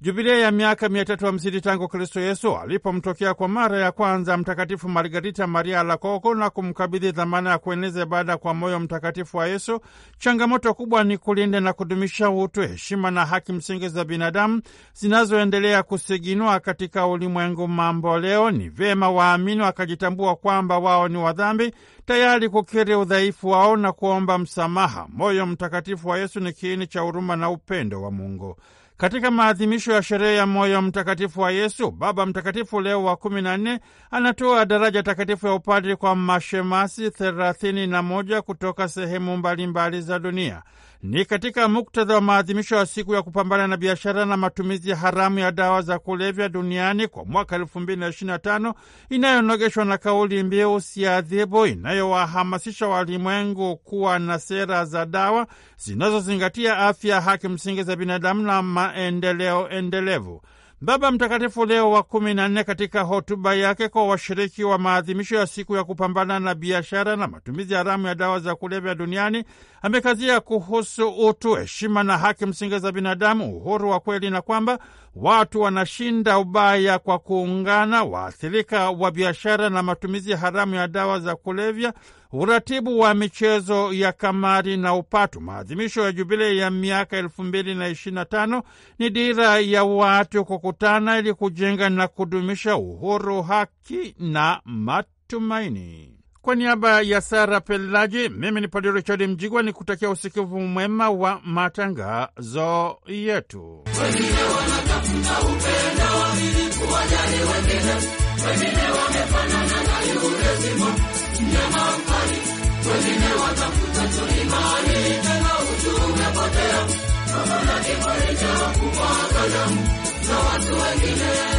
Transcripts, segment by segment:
Jubilia ya miaka 350 tangu Kristo Yesu alipomtokea kwa mara ya kwanza Mtakatifu Margarita Maria Alacoco na kumkabidhi dhamana ya kueneza ibada kwa moyo mtakatifu wa Yesu, changamoto kubwa ni kulinda na kudumisha utu, heshima na haki msingi za binadamu zinazoendelea kusiginwa katika ulimwengu mambo leo. Ni vyema waamini wakajitambua kwamba wao ni wadhambi, tayari kukiri udhaifu wao na kuomba msamaha. Moyo mtakatifu wa Yesu ni kiini cha huruma na upendo wa Mungu. Katika maadhimisho ya sherehe ya moyo mtakatifu wa Yesu, Baba Mtakatifu Leo wa kumi na nne anatoa daraja takatifu ya upadri kwa mashemasi thelathini na moja kutoka sehemu mbalimbali za dunia. Ni katika muktadha wa maadhimisho ya siku ya kupambana na biashara na matumizi haramu ya dawa za kulevya duniani kwa mwaka elfu mbili na tano inayonogeshwa na kauli mbiu usiadhibu, inayowahamasisha walimwengu kuwa na sera za dawa zinazozingatia afya, haki msingi za binadamu na maendeleo endelevu. Baba Mtakatifu Leo wa kumi na nne katika hotuba yake kwa washiriki wa maadhimisho ya siku ya kupambana na biashara na matumizi haramu ya dawa za kulevya duniani Amekazia kuhusu utu, heshima na haki msingi za binadamu, uhuru wa kweli, na kwamba watu wanashinda ubaya kwa kuungana, waathirika wa biashara na matumizi haramu ya dawa za kulevya, uratibu wa michezo ya kamari na upatu. Maadhimisho ya jubilei ya miaka elfu mbili na ishirini na tano ni dira ya watu kukutana ili kujenga na kudumisha uhuru, haki na matumaini. Kwa niaba ya Sara Pelaji, mimi ni Padre Richard Mjigwa ni kutakia usikivu mwema wa matangazo yetu. Wengine wengine wamefanana na mnyama mkali, wengine watafuta umepotea, za watu wengine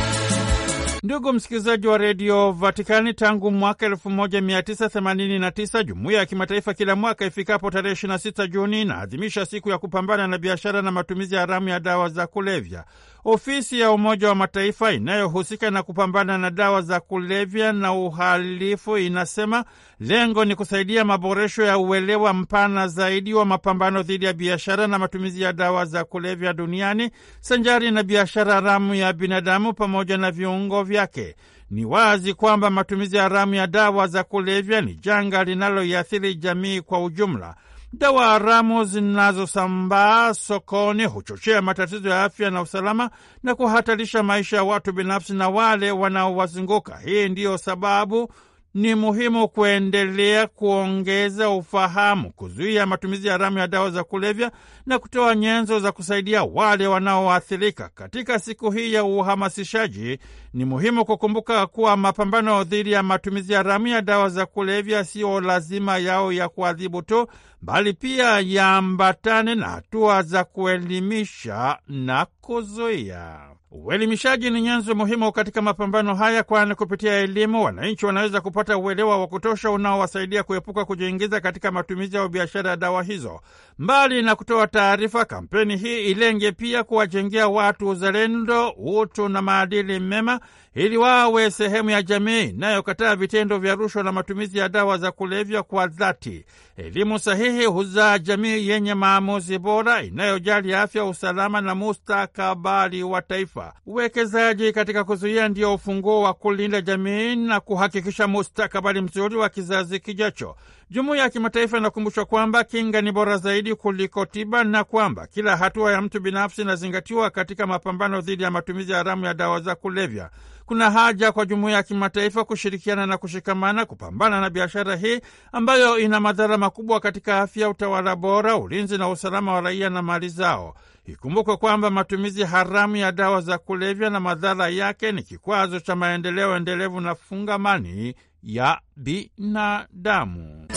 Ndugu msikilizaji wa redio Vatikani, tangu mwaka 1989 jumuiya ya kimataifa kila mwaka ifikapo tarehe 26 Juni inaadhimisha siku ya kupambana na biashara na matumizi haramu ya dawa za kulevya. Ofisi ya Umoja wa Mataifa inayohusika na kupambana na dawa za kulevya na uhalifu inasema lengo ni kusaidia maboresho ya uelewa mpana zaidi wa mapambano dhidi ya biashara na matumizi ya dawa za kulevya duniani sanjari na biashara haramu ya binadamu pamoja na viungo vyake. Ni wazi kwamba matumizi haramu ya dawa za kulevya ni janga linaloiathiri jamii kwa ujumla. Dawa haramu zinazosambaa sokoni huchochea matatizo ya afya na usalama na kuhatarisha maisha ya watu binafsi na wale wanaowazunguka. Hii ndiyo sababu ni muhimu kuendelea kuongeza ufahamu, kuzuia matumizi haramu ya dawa za kulevya na kutoa nyenzo za kusaidia wale wanaoathirika. Katika siku hii ya uhamasishaji, ni muhimu kukumbuka kuwa mapambano dhidi ya matumizi haramu ya dawa za kulevya siyo lazima yao ya kuadhibu tu, bali pia yaambatane na hatua za kuelimisha na kuzuia. Uelimishaji ni nyenzo muhimu katika mapambano haya, kwani kupitia elimu wananchi wanaweza kupata uelewa wa kutosha unaowasaidia kuepuka kujiingiza katika matumizi au biashara ya dawa hizo. Mbali na kutoa taarifa, kampeni hii ilenge pia kuwajengea watu uzalendo, utu na maadili mema ili wawe sehemu ya jamii inayokataa vitendo vya rushwa na matumizi ya dawa za kulevya kwa dhati. Elimu sahihi huzaa jamii yenye maamuzi bora inayojali afya, usalama na mustakabali wa taifa. Uwekezaji katika kuzuia ndio ufunguo wa kulinda jamii na kuhakikisha mustakabali mzuri wa kizazi kijacho. Jumuiya ya kimataifa inakumbushwa kwamba kinga ni bora zaidi kuliko tiba na kwamba kila hatua ya mtu binafsi inazingatiwa katika mapambano dhidi ya matumizi haramu ya dawa za kulevya. Kuna haja kwa jumuiya ya kimataifa kushirikiana na kushikamana kupambana na biashara hii ambayo ina madhara makubwa katika afya, utawala bora, ulinzi na usalama wa raia na mali zao. Ikumbukwe kwamba matumizi haramu ya dawa za kulevya na madhara yake ni kikwazo cha maendeleo endelevu na fungamani ya binadamu.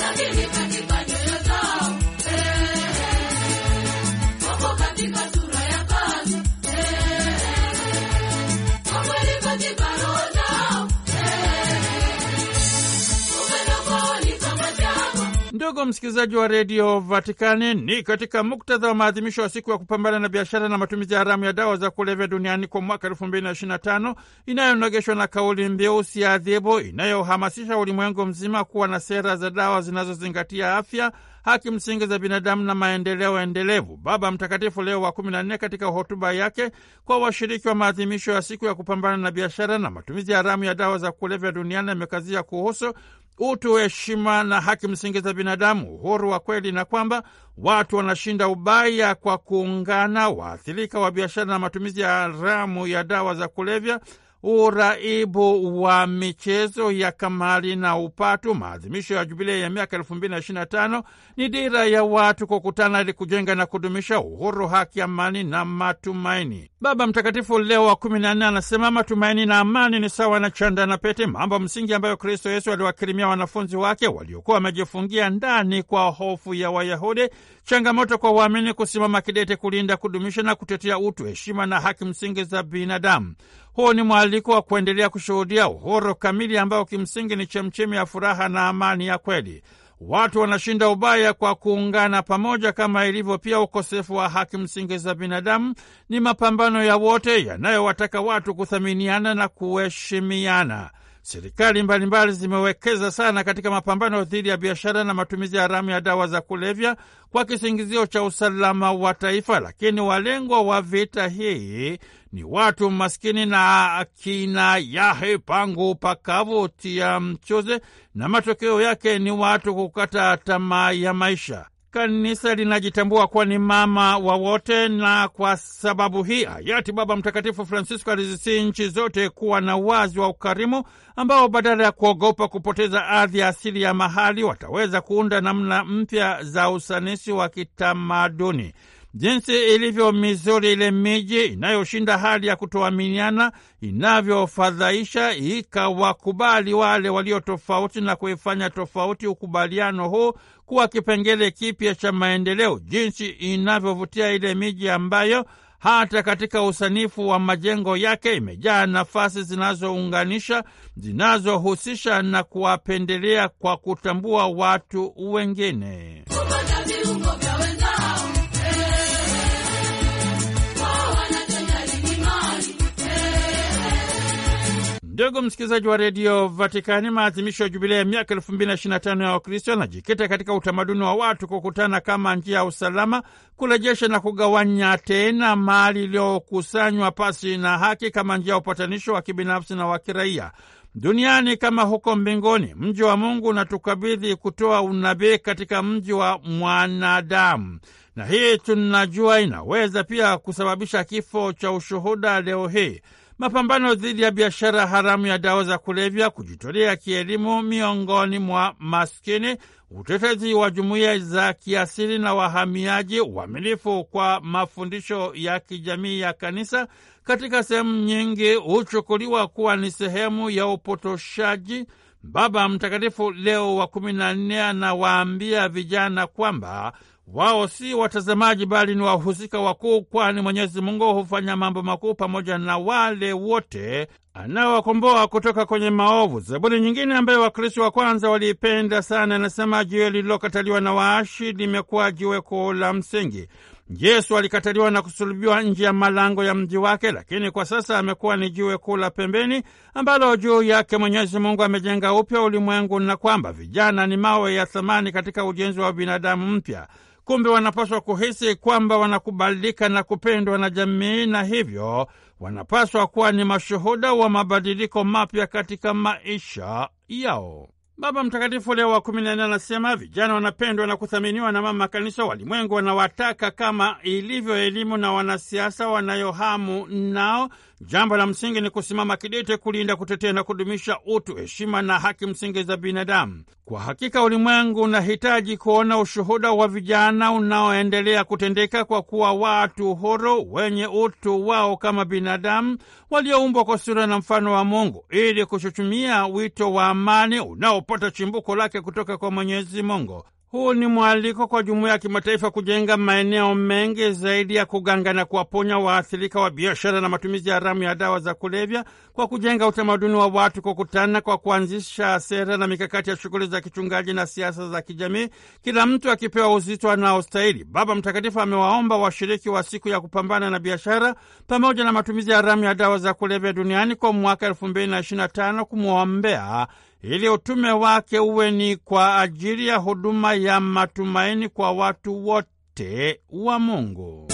Ndugu msikilizaji wa redio Vatikani, ni katika muktadha wa maadhimisho ya siku ya kupambana na biashara na matumizi ya haramu ya dawa za kulevya duniani kwa mwaka elfu mbili na ishirini na tano inayonogeshwa na kauli mbiu usiadhibu, inayohamasisha ulimwengu mzima kuwa na sera za dawa zinazozingatia afya, haki msingi za binadamu na maendeleo endelevu. Baba Mtakatifu Leo wa kumi na nne katika hotuba yake kwa washiriki wa maadhimisho ya siku ya kupambana na biashara na matumizi haramu ya dawa za kulevya duniani amekazia kuhusu utu, heshima na haki msingi za binadamu, uhuru wa kweli, na kwamba watu wanashinda ubaya kwa kuungana, waathirika wa biashara na matumizi ya haramu ya dawa za kulevya uraibu wa michezo ya kamari na upatu. Maadhimisho ya jubilei ya miaka elfu mbili na ishirini na tano ni dira ya watu kukutana ili kujenga na kudumisha uhuru, haki, amani na matumaini. Baba Mtakatifu Leo wa kumi na nne anasema matumaini na amani ni sawa na chanda na pete, mambo msingi ambayo Kristo Yesu aliwakirimia wanafunzi wake waliokuwa wamejifungia ndani kwa hofu ya Wayahudi, changamoto kwa waamini kusimama kidete kulinda, kudumisha na kutetea utu, heshima na haki msingi za binadamu. Huu ni mwaliko wa kuendelea kushuhudia uhuru kamili ambao kimsingi ni chemchemi ya furaha na amani ya kweli. Watu wanashinda ubaya kwa kuungana pamoja, kama ilivyo pia ukosefu wa haki msingi za binadamu. Ni mapambano ya wote yanayowataka watu kuthaminiana na kuheshimiana. Serikali mbalimbali zimewekeza sana katika mapambano dhidi ya biashara na matumizi haramu ya dawa za kulevya kwa kisingizio cha usalama wa taifa, lakini walengwa wa vita hii ni watu maskini na akina yahe pangu pakavutia mchuzi, na matokeo yake ni watu kukata tamaa ya maisha. Kanisa linajitambua kuwa ni mama wa wote, na kwa sababu hii hayati Baba Mtakatifu Francisco alizisi nchi zote kuwa na wazi wa ukarimu, ambao badala ya kuogopa kupoteza ardhi ya asili ya mahali wataweza kuunda namna mpya za usanisi wa kitamaduni jinsi ilivyo mizuri ile miji inayoshinda hali ya kutoaminiana inavyofadhaisha, ikawakubali wale walio tofauti na kuifanya tofauti ukubaliano huu kuwa kipengele kipya cha maendeleo, jinsi inavyovutia ile miji ambayo hata katika usanifu wa majengo yake imejaa nafasi zinazounganisha, zinazohusisha na kuwapendelea kwa kutambua watu wengine. Ndugu msikilizaji wa redio Vatikani, maadhimisho ya jubilia ya miaka elfu mbili na ishirini na tano ya Wakristo yanajikita katika utamaduni wa watu kukutana kama njia ya usalama, kurejesha na kugawanya tena mali iliyokusanywa pasi na haki, kama njia ya upatanisho wa kibinafsi na wa kiraia duniani kama huko mbinguni. Mji wa Mungu unatukabidhi kutoa unabii katika mji wa mwanadamu, na hii tunajua inaweza pia kusababisha kifo cha ushuhuda leo hii mapambano dhidi ya biashara haramu ya dawa za kulevya, kujitolea kielimu miongoni mwa maskini, utetezi wa jumuiya za kiasili na wahamiaji, uamilifu kwa mafundisho ya kijamii ya kanisa, katika sehemu nyingi huchukuliwa kuwa ni sehemu ya upotoshaji. Baba Mtakatifu Leo wa kumi na nne anawaambia vijana kwamba wao si watazamaji bali ni wahusika wakuu, kwani Mwenyezi Mungu hufanya mambo makuu pamoja na wale wote anaowakomboa kutoka kwenye maovu. Zaburi nyingine ambayo Wakristo wa kwanza waliipenda sana anasema, jiwe lililokataliwa na waashi limekuwa jiwe kuu la msingi. Yesu alikataliwa na kusulubiwa nje ya malango ya mji wake, lakini kwa sasa amekuwa ni jiwe kuu la pembeni ambalo juu yake Mwenyezi Mungu amejenga upya ulimwengu, na kwamba vijana ni mawe ya thamani katika ujenzi wa binadamu mpya. Kumbe wanapaswa kuhisi kwamba wanakubalika na kupendwa na jamii, na hivyo wanapaswa kuwa ni mashuhuda wa mabadiliko mapya katika maisha yao. Baba Mtakatifu Leo wa kumi na nne anasema vijana wanapendwa na kuthaminiwa na mama Kanisa. Walimwengu wanawataka kama ilivyo elimu na wanasiasa wanayohamu nao Jambo la msingi ni kusimama kidete kulinda, kutetea na kudumisha utu, heshima na haki msingi za binadamu. Kwa hakika, ulimwengu unahitaji kuona ushuhuda wa vijana unaoendelea kutendeka, kwa kuwa watu huru wenye utu wao kama binadamu walioumbwa kwa sura na mfano wa Mungu, ili kuchuchumia wito wa amani unaopata chimbuko lake kutoka kwa Mwenyezi Mungu. Huu ni mwaliko kwa jumuiya ya kimataifa kujenga maeneo mengi zaidi ya kuganga na kuwaponya waathirika wa biashara na matumizi haramu ya dawa za kulevya kwa kujenga utamaduni wa watu kukutana, kwa kuanzisha sera na mikakati ya shughuli za kichungaji na siasa za kijamii, kila mtu akipewa uzito anaostahili. Baba Mtakatifu amewaomba washiriki wa siku ya kupambana na biashara pamoja na matumizi haramu ya dawa za kulevya duniani kwa mwaka elfu mbili na ishirini na tano kumwombea ili utume wake uwe ni kwa ajili ya huduma ya matumaini kwa watu wote wa Mungu.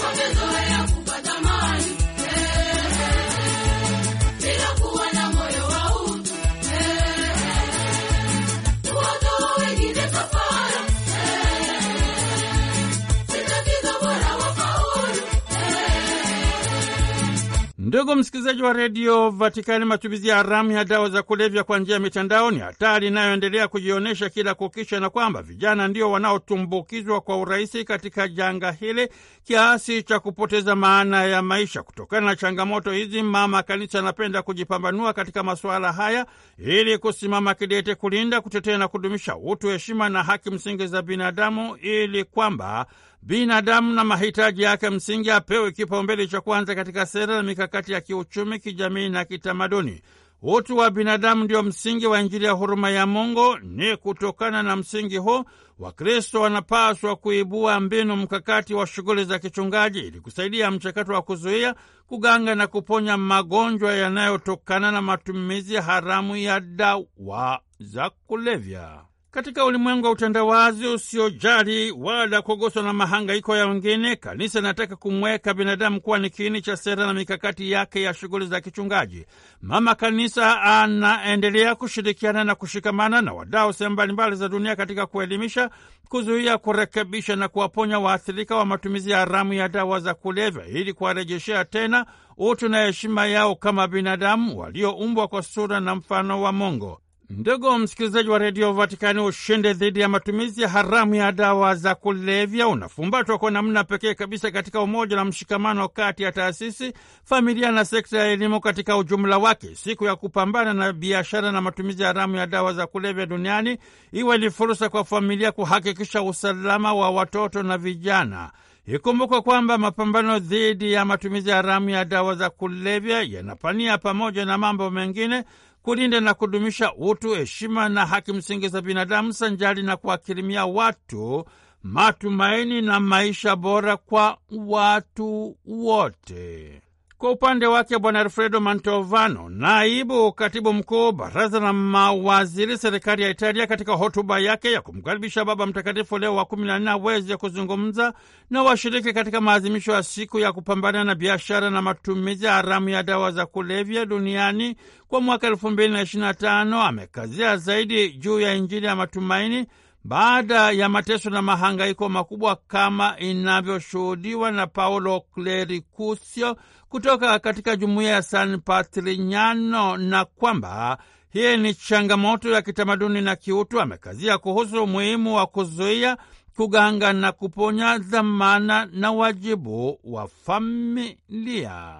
Ndugu msikilizaji wa redio Vatikani, matumizi ya haramu ya dawa za kulevya kwa njia ya mitandao ni hatari inayoendelea kujionyesha kila kukicha, na kwamba vijana ndio wanaotumbukizwa kwa urahisi katika janga hili kiasi cha kupoteza maana ya maisha. Kutokana na changamoto hizi, Mama Kanisa anapenda kujipambanua katika masuala haya ili kusimama kidete kulinda, kutetea na kudumisha utu, heshima na haki msingi za binadamu ili kwamba binadamu na mahitaji yake msingi apewe kipaumbele cha kwanza katika sera na mikakati ya kiuchumi, kijamii na kitamaduni. Utu wa binadamu ndio msingi wa Injili ya huruma ya Mungu. Ni kutokana na msingi huu Wakristo wanapaswa kuibua mbinu mkakati wa shughuli za kichungaji ili kusaidia mchakato wa kuzuia, kuganga na kuponya magonjwa yanayotokana na matumizi haramu ya dawa za kulevya. Katika ulimwengu wa utandawazi usiojali wala kuguswa na mahangaiko ya wengine, kanisa inataka kumweka binadamu kuwa ni kiini cha sera na mikakati yake ya shughuli za kichungaji. Mama Kanisa anaendelea kushirikiana na kushikamana na wadau sehemu mbalimbali za dunia katika kuelimisha, kuzuia, kurekebisha na kuwaponya waathirika wa matumizi ya haramu ya dawa za kulevya ili kuwarejeshea tena utu na heshima yao kama binadamu walioumbwa kwa sura na mfano wa Mungu. Ndugu msikilizaji wa redio Vatikani, ushindi dhidi ya matumizi haramu ya dawa za kulevya unafumbatwa kwa namna pekee kabisa katika umoja na mshikamano kati ya taasisi, familia na sekta ya elimu katika ujumla wake. Siku ya kupambana na biashara na matumizi haramu ya dawa za kulevya duniani iwe ni fursa kwa familia kuhakikisha usalama wa watoto na vijana. Ikumbukwe kwamba mapambano dhidi ya matumizi haramu ya dawa za kulevya yanapania pamoja na mambo mengine kulinda na kudumisha utu, heshima na haki msingi za binadamu sanjari na kuwakirimia watu matumaini na maisha bora kwa watu wote. Kwa upande wake Bwana Alfredo Mantovano, naibu katibu mkuu baraza la mawaziri serikali ya Italia, katika hotuba yake ya kumkaribisha Baba Mtakatifu Leo wa kumi na nne aweze kuzungumza na washiriki katika maadhimisho ya siku ya kupambana na biashara na matumizi haramu ya dawa za kulevya duniani kwa mwaka elfu mbili na ishirini na tano amekazia zaidi juu ya Injili ya matumaini baada ya mateso na mahangaiko makubwa kama inavyoshuhudiwa na Paulo klerikusio kutoka katika jumuiya ya San patrinyano na kwamba hii ni changamoto ya kitamaduni na kiutu. Amekazia kuhusu umuhimu wa kuzuia, kuganga na kuponya dhamana na wajibu wa familia.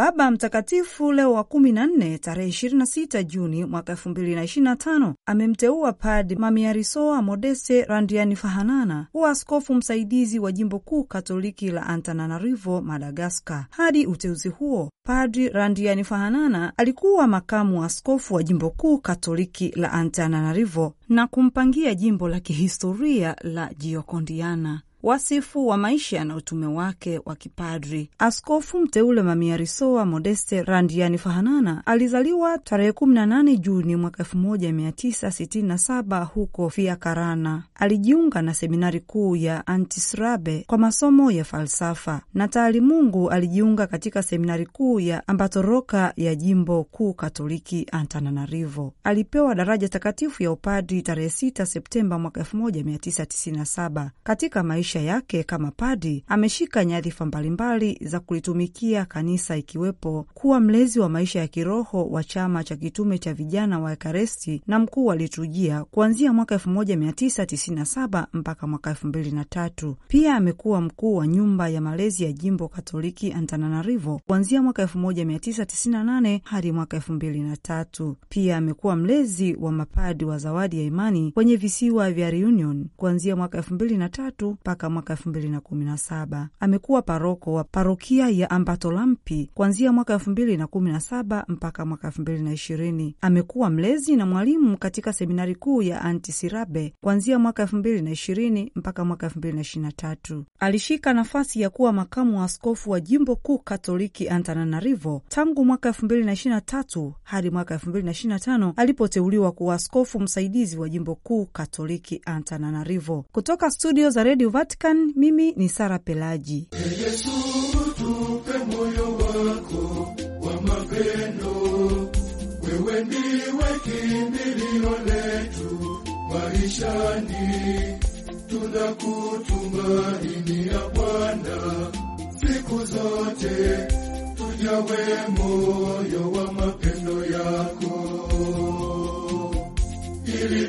Baba Mtakatifu Leo wa 14 tarehe 26 Juni mwaka 2025 amemteua Padi Mamiarisoa Modeste Randiani Fahanana kuwa askofu msaidizi wa jimbo kuu Katoliki la Antananarivo, Madagaskar. Hadi uteuzi huo, Padri Randiani Fahanana alikuwa makamu askofu wa jimbo kuu Katoliki la Antananarivo na kumpangia jimbo la kihistoria la Jiokondiana wasifu wa maisha na utume wake wa kipadri. Askofu mteule Mamiarisoa Modeste Randiani Fahanana alizaliwa tarehe 18 Juni mwaka 1967 huko Fiakarana. Alijiunga na seminari kuu ya Antisrabe kwa masomo ya falsafa na taalimungu. Alijiunga katika seminari kuu ya Ambatoroka ya jimbo kuu katoliki Antananarivo. Alipewa daraja takatifu ya upadri tarehe 6 Septemba mwaka 1997. Katika maisha maisha yake kama padi ameshika nyadhifa mbalimbali za kulitumikia kanisa ikiwepo kuwa mlezi wa maisha ya kiroho wa chama cha kitume cha vijana wa Ekaresti na mkuu wa liturujia kuanzia mwaka 1997 mpaka mwaka 2003. Pia amekuwa mkuu wa nyumba ya malezi ya jimbo Katoliki Antananarivo kuanzia mwaka 1998 hadi mwaka 2003. Pia amekuwa mlezi wa mapadi wa zawadi ya imani kwenye visiwa vya Reunion kuanzia mwaka 2003 mpaka mpaka mwaka elfu mbili na kumi na saba. Amekuwa paroko wa parokia ya Ambatolampi kuanzia mwaka elfu mbili na kumi na saba mpaka mwaka elfu mbili na ishirini. Amekuwa mlezi na mwalimu katika seminari kuu ya Antisirabe kuanzia mwaka elfu mbili na ishirini mpaka mwaka elfu mbili na ishirini na tatu. Alishika nafasi ya kuwa makamu wa askofu wa jimbo kuu Katoliki Antananarivo tangu mwaka elfu mbili na ishirini na tatu hadi mwaka elfu mbili na ishirini na tano alipoteuliwa kuwa askofu msaidizi wa jimbo kuu Katoliki Antananarivo. Kutoka studio za redio Vatican. Mimi ni Sara Pelaji. Yesu, tupe moyo wako wa mapendo, wewe ndiwe kimbilio letu maishani, tunakutumainia Bwana siku zote, tujawe moyo wa mapendo yako ili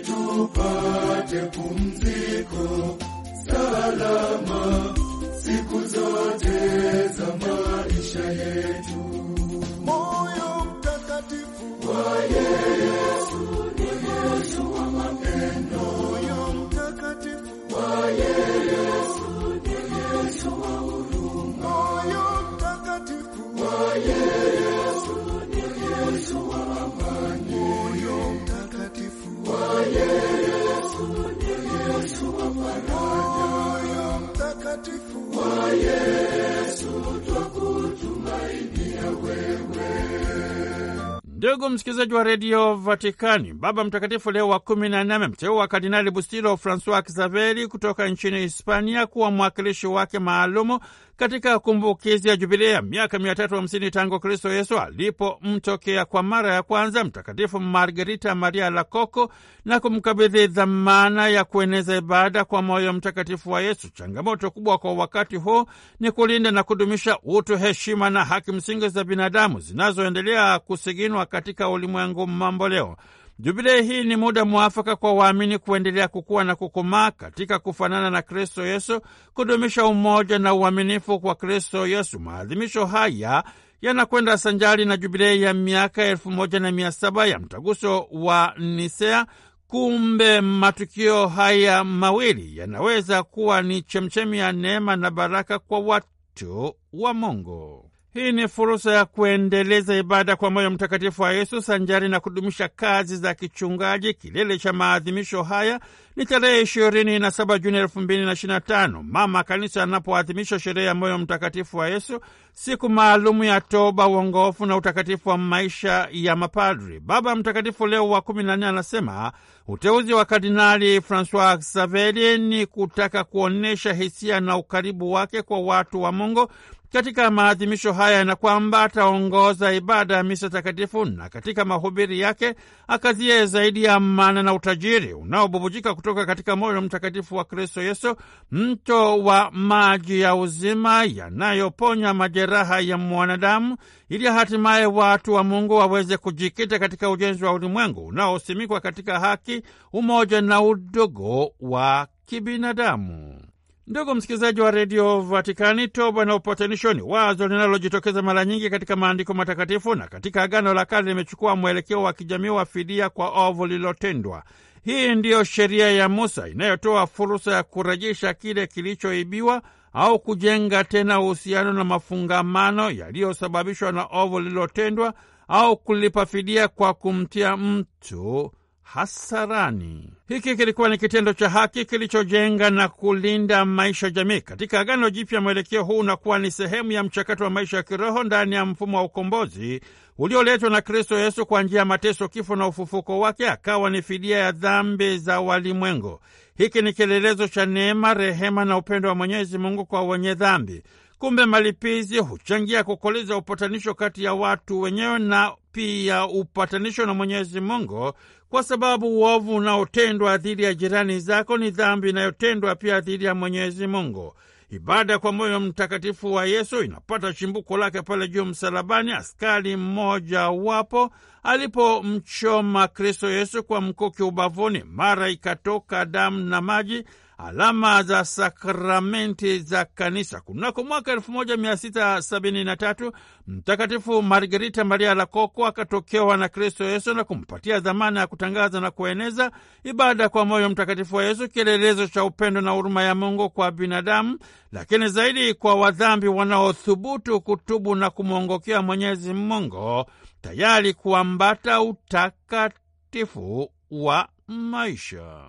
Ndugu msikilizaji wa redio Vatikani, Baba Mtakatifu Leo wa kumi na nane amemteua Kardinali Bustilo Francois Xaveri kutoka nchini Hispania kuwa mwakilishi wake maalumu katika kumbukizi ya jubilei ya miaka mia tatu hamsini tangu Kristo Yesu alipomtokea kwa mara ya kwanza Mtakatifu Margarita Maria Lakoko na kumkabidhi dhamana ya kueneza ibada kwa moyo mtakatifu wa Yesu. Changamoto kubwa kwa wakati huu ni kulinda na kudumisha utu, heshima na haki msingi za binadamu zinazoendelea kusiginwa katika ulimwengu mamboleo Jubilei hii ni muda mwafaka kwa waamini kuendelea kukua na kukomaa katika kufanana na Kristo Yesu, kudumisha umoja na uaminifu kwa Kristo Yesu. Maadhimisho haya yanakwenda sanjari na jubilei ya miaka elfu moja na mia saba ya mtaguso wa Nisea. Kumbe matukio haya mawili yanaweza kuwa ni chemchemi ya neema na baraka kwa watu wa Mungu. Hii ni fursa ya kuendeleza ibada kwa moyo mtakatifu wa Yesu sanjari na kudumisha kazi za kichungaji. Kilele cha maadhimisho haya ni tarehe ishirini na saba Juni elfu mbili na ishirini na tano mama kanisa anapoadhimisha sherehe ya moyo mtakatifu wa Yesu, siku maalumu ya toba, uongofu na utakatifu wa maisha ya mapadri. Baba Mtakatifu Leo wa kumi na nne anasema uteuzi wa Kardinali Francois Xaveri ni kutaka kuonyesha hisia na ukaribu wake kwa watu wa Mungu katika maadhimisho haya na kwamba ataongoza ibada ya misa takatifu na katika mahubiri yake akazie zaidi ya maana na utajiri unaobubujika kutoka katika moyo mtakatifu wa Kristo Yesu, mto wa maji ya uzima yanayoponya majeraha ya mwanadamu, ili hatimaye watu wa Mungu waweze kujikita katika ujenzi wa ulimwengu unaosimikwa katika haki, umoja na udogo wa kibinadamu. Ndugu msikilizaji wa redio Vatikani, toba na upatanisho ni wazo linalojitokeza mara nyingi katika maandiko matakatifu na katika Agano la Kale limechukua mwelekeo wa kijamii wa fidia kwa ovu lililotendwa. Hii ndiyo sheria ya Musa inayotoa fursa ya kurejesha kile kilichoibiwa au kujenga tena uhusiano na mafungamano yaliyosababishwa na ovu lililotendwa au kulipa fidia kwa kumtia mtu hasarani. Hiki kilikuwa ni kitendo cha haki kilichojenga na kulinda maisha jamii. Katika Agano Jipya, mwelekeo huu unakuwa ni sehemu ya mchakato wa maisha ya kiroho ndani ya mfumo wa ukombozi ulioletwa na Kristo Yesu kwa njia ya mateso, kifo na ufufuko wake, akawa ni fidia ya dhambi za walimwengu. Hiki ni kielelezo cha neema, rehema na upendo wa Mwenyezi Mungu kwa wenye dhambi. Kumbe malipizi huchangia kukoleza upatanisho kati ya watu wenyewe na pia upatanisho na Mwenyezi Mungu, kwa sababu uovu unaotendwa dhidi ya jirani zako ni dhambi inayotendwa pia dhidi ya Mwenyezi Mungu. Ibada kwa moyo mtakatifu wa Yesu inapata chimbuko lake pale juu msalabani, askari mmoja wapo alipomchoma Kristo Yesu kwa mkuki ubavuni, mara ikatoka damu na maji alama za sakramenti za kanisa. Kunako mwaka 1673 Mtakatifu Margarita Maria Lakoko akatokewa na Kristo Yesu na kumpatia dhamana ya kutangaza na kueneza ibada kwa moyo mtakatifu wa Yesu, kielelezo cha upendo na huruma ya Mungu kwa binadamu, lakini zaidi kwa wadhambi wanaothubutu kutubu na kumwongokea Mwenyezi Mungu, tayari kuambata utakatifu wa maisha.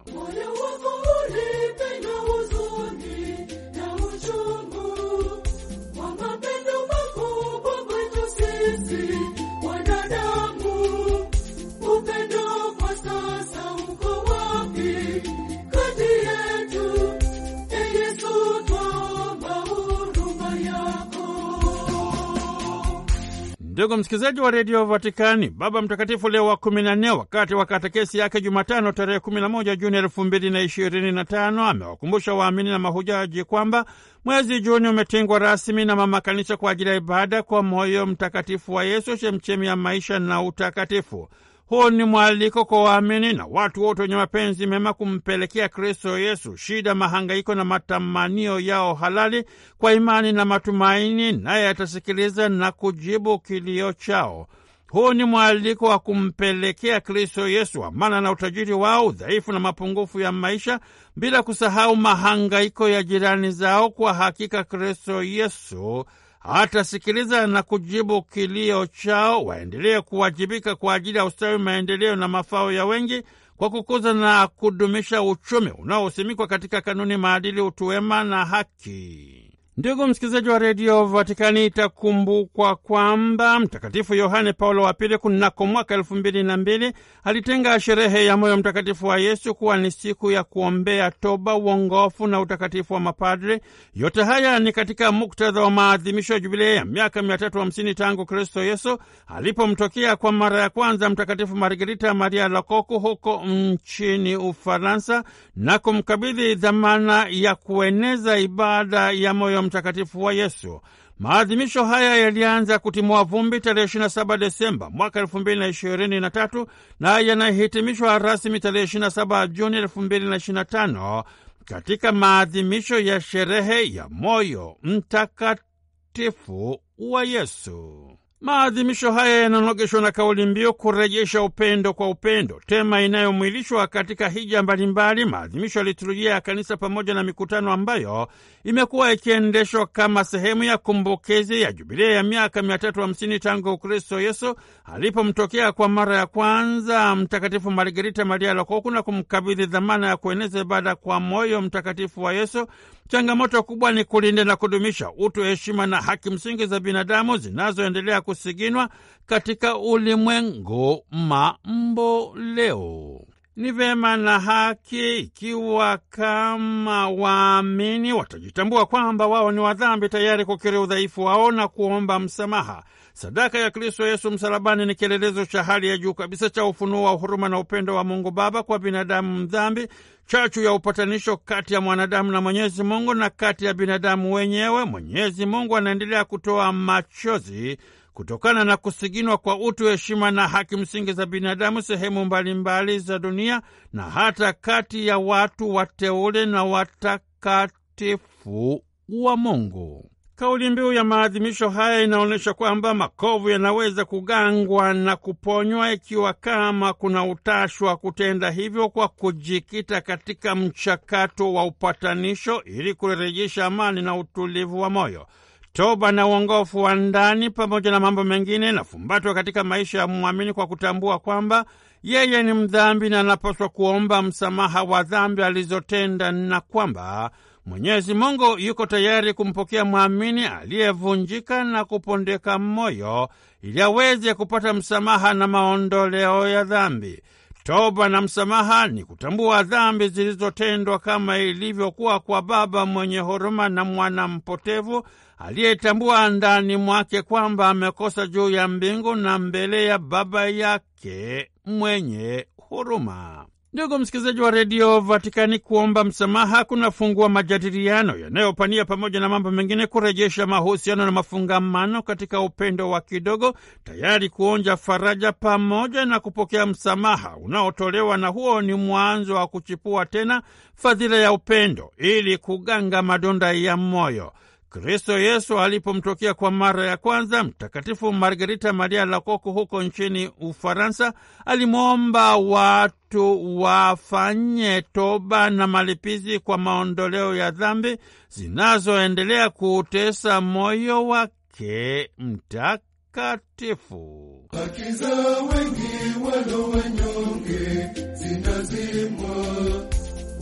Ndugu msikilizaji wa redio Vatikani, Baba Mtakatifu Leo wa kumi na nne wakati wa katekesi yake Jumatano tarehe 11 Juni elfu mbili na ishirini na tano amewakumbusha waamini na mahujaji kwamba mwezi Juni umetengwa rasmi na Mama Kanisa kwa ajili ya ibada kwa moyo mtakatifu wa Yesu, chemchemi ya maisha na utakatifu. Huu ni mwaliko kwa waamini na watu wote wenye mapenzi mema kumpelekea Kristo Yesu shida, mahangaiko na matamanio yao halali kwa imani na matumaini, naye atasikiliza na kujibu kilio chao. Huu ni mwaliko wa kumpelekea Kristo Yesu amana na utajiri wao, udhaifu na mapungufu ya maisha, bila kusahau mahangaiko ya jirani zao. Kwa hakika Kristo Yesu atasikiliza na kujibu kilio chao, waendelee kuwajibika kwa ajili ya ustawi, maendeleo na mafao ya wengi kwa kukuza na kudumisha uchumi unaosimikwa katika kanuni, maadili, utu wema na haki. Ndugu msikilizaji wa redio Vatikani, itakumbukwa kwamba Mtakatifu Yohane Paulo wa Pili kunako mwaka elfu mbili na mbili alitenga sherehe ya moyo mtakatifu wa Yesu kuwa ni siku ya kuombea toba, uongofu na utakatifu wa mapadre. Yote haya ni katika muktadha wa maadhimisho ya jubilei ya miaka mia tatu hamsini tangu Kristo Yesu alipomtokea kwa mara ya kwanza Mtakatifu Margarita Maria Lakoku huko nchini Ufaransa na kumkabidhi dhamana ya kueneza ibada ya moyo Mtakatifu wa Yesu. Maadhimisho haya yalianza kutimua vumbi tarehe 27 Desemba mwaka 2023 na yanahitimishwa rasmi tarehe 27 Juni 2025 katika maadhimisho ya sherehe ya Moyo Mtakatifu wa Yesu. Maadhimisho haya yananogeshwa na kauli mbiu kurejesha upendo kwa upendo, tema inayomwilishwa katika hija mbalimbali, maadhimisho ya liturujia ya kanisa pamoja na mikutano ambayo imekuwa ikiendeshwa kama sehemu ya kumbukizi ya jubilia ya miaka mia tatu hamsini tangu Kristo Yesu alipomtokea kwa mara ya kwanza Mtakatifu Margarita Maria Lokoku na kumkabidhi dhamana ya kueneza ibada kwa moyo mtakatifu wa Yesu Changamoto kubwa ni kulinda na kudumisha utu, heshima na haki msingi za binadamu zinazoendelea kusiginwa katika ulimwengu mamboleo. Ni vema na haki ikiwa kama waamini watajitambua kwamba wao ni wadhambi, tayari kukiri udhaifu wao na kuomba msamaha. Sadaka ya Kristo Yesu msalabani ni kielelezo cha hali ya juu kabisa cha ufunuo wa huruma na upendo wa Mungu Baba kwa binadamu mdhambi, chachu ya upatanisho kati ya mwanadamu na Mwenyezi Mungu na kati ya binadamu wenyewe. Mwenyezi Mungu anaendelea kutoa machozi kutokana na kusiginwa kwa utu, heshima na haki msingi za binadamu sehemu mbalimbali za dunia na hata kati ya watu wateule na watakatifu wa Mungu. Kauli mbiu ya maadhimisho haya inaonyesha kwamba makovu yanaweza kugangwa na kuponywa ikiwa kama kuna utashi wa kutenda hivyo kwa kujikita katika mchakato wa upatanisho ili kurejesha amani na utulivu wa moyo. Toba na uongofu wa ndani pamoja na mambo mengine inafumbatwa katika maisha ya mwamini kwa kutambua kwamba yeye ni mdhambi na anapaswa kuomba msamaha wa dhambi alizotenda na kwamba Mwenyezi Mungu yuko tayari kumpokea mwamini aliyevunjika na kupondeka moyo ili aweze kupata msamaha na maondoleo ya dhambi. Toba na msamaha ni kutambua dhambi zilizotendwa kama ilivyokuwa kwa baba mwenye huruma na mwana mpotevu aliyetambua ndani mwake kwamba amekosa juu ya mbingu na mbele ya baba yake mwenye huruma. Ndugu msikilizaji wa redio Vatikani, kuomba msamaha kunafungua majadiliano yanayopania pamoja na mambo mengine kurejesha mahusiano na mafungamano katika upendo wa kidogo, tayari kuonja faraja pamoja na kupokea msamaha unaotolewa, na huo ni mwanzo wa kuchipua tena fadhila ya upendo ili kuganga madonda ya moyo. Kristo Yesu alipomtokea kwa mara ya kwanza Mtakatifu Margarita Maria Lakoko huko nchini Ufaransa, alimwomba watu wafanye toba na malipizi kwa maondoleo ya dhambi zinazoendelea kuutesa moyo wake mtakatifu. Haki za wengi walio wanyonge zinazimwa,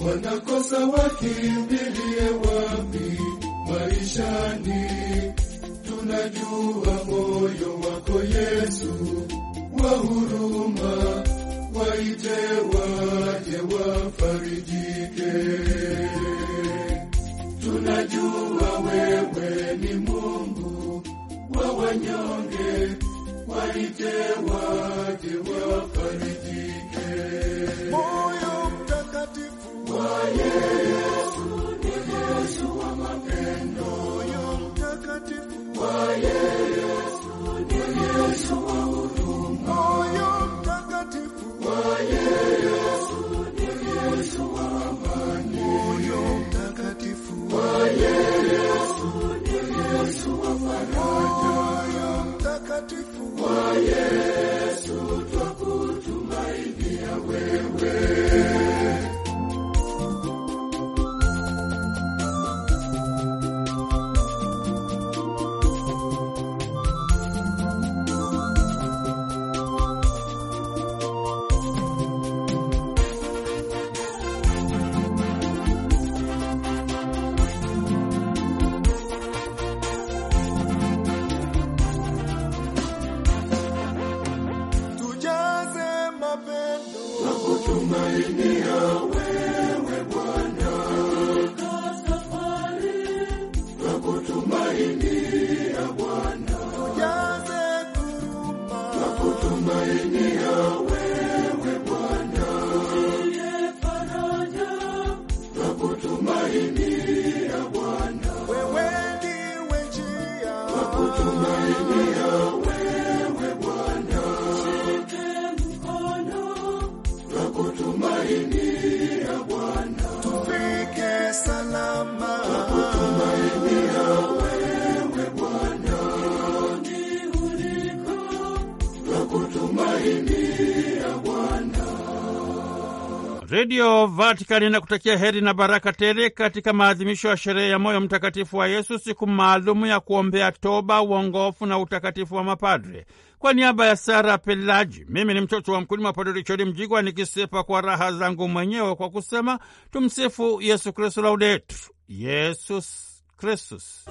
wanakosa wakimbilie wapi? maishani, tunajua moyo wako Yesu wa huruma, waite waje wafarijike. Tunajua wewe ni Mungu wa wanyonge, waite waje wafarijike. Yeah. Might we help? Redio Vatikani inakutakia heri na baraka tele katika maadhimisho ya sherehe ya moyo mtakatifu wa Yesu, siku maalumu ya kuombea toba, uongofu na utakatifu wa mapadre. Kwa niaba ya Sara Pelaji, mimi ni mtoto wa mkulima Padre Richard Mjigwa, nikisepa kwa raha zangu mwenyewe kwa kusema tumsifu Yesu Kristu, laudetu Yesus Kristus.